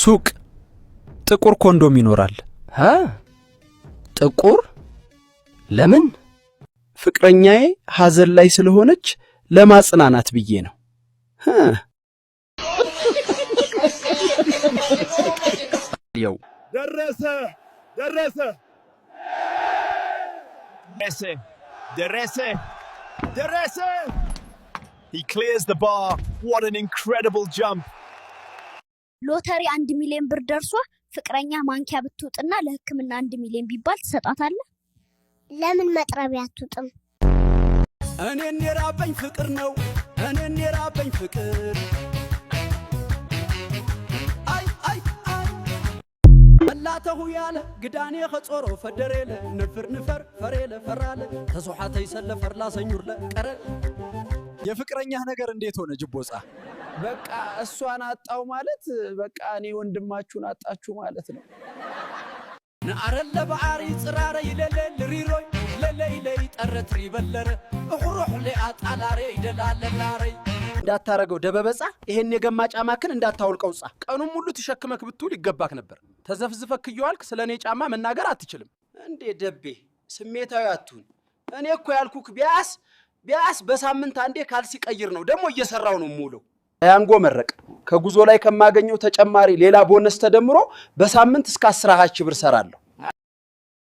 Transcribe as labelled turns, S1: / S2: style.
S1: ሱቅ ጥቁር ኮንዶም ይኖራል።
S2: ጥቁር ለምን?
S1: ፍቅረኛዬ ሐዘን ላይ ስለሆነች ለማጽናናት ብዬ ነው።
S2: ያው
S3: ደረሰ ደረሰ
S4: ደረሰ ደረሰ ደረሰ
S5: He clears the bar. What an incredible jump.
S6: ሎተሪ አንድ ሚሊዮን ብር ደርሷ ፍቅረኛ ማንኪያ ብትውጥና ለሕክምና አንድ ሚሊዮን ቢባል ትሰጣታለህ?
S7: ለምን መጥረቢያ አትውጥም?
S8: እኔን የራበኝ ፍቅር ነው። እኔን የራበኝ ፍቅር አይ መላተሁ ያለ ግዳኔ ኸጾሮ ፈደሬለ ንፍር ንፈር ፈሬለ ፈራለ ተሶሓተይ ሰለ ፈርላ ሰኙር ለቀረ
S9: የፍቅረኛህ ነገር እንዴት ሆነ ጅቦፃ?
S10: በቃ እሷን አጣው ማለት በቃ እኔ ወንድማችሁን አጣችሁ ማለት ነው።
S11: ነአረ በዓሪ ጽራረ ይለለ ንሪሮይ ለለይለይ ጠረት ሪበለረ እሑሮሕ ሌኣጣላሬ ይደላለላረይ
S12: እንዳታረገው ደበበፃ ይሄን የገማ ጫማክን እንዳታውልቀው ፃ
S13: ቀኑም ሙሉ ትሸክመክ ብትውል ይገባክ ነበር። ተዘፍዝፈክ እየዋልክ ስለ እኔ ጫማ መናገር አትችልም
S14: እንዴ ደቤ። ስሜታዊ አትሁን። እኔ እኮ ያልኩክ ቢያስ ቢያስ በሳምንት አንዴ ካልሲ ቀይር ነው። ደግሞ እየሰራው ነው የምውለው
S15: ያንጎ መረቅ ከጉዞ ላይ ከማገኘው ተጨማሪ ሌላ ቦነስ ተደምሮ በሳምንት እስከ አስራ ሀች ብር ሰራለሁ።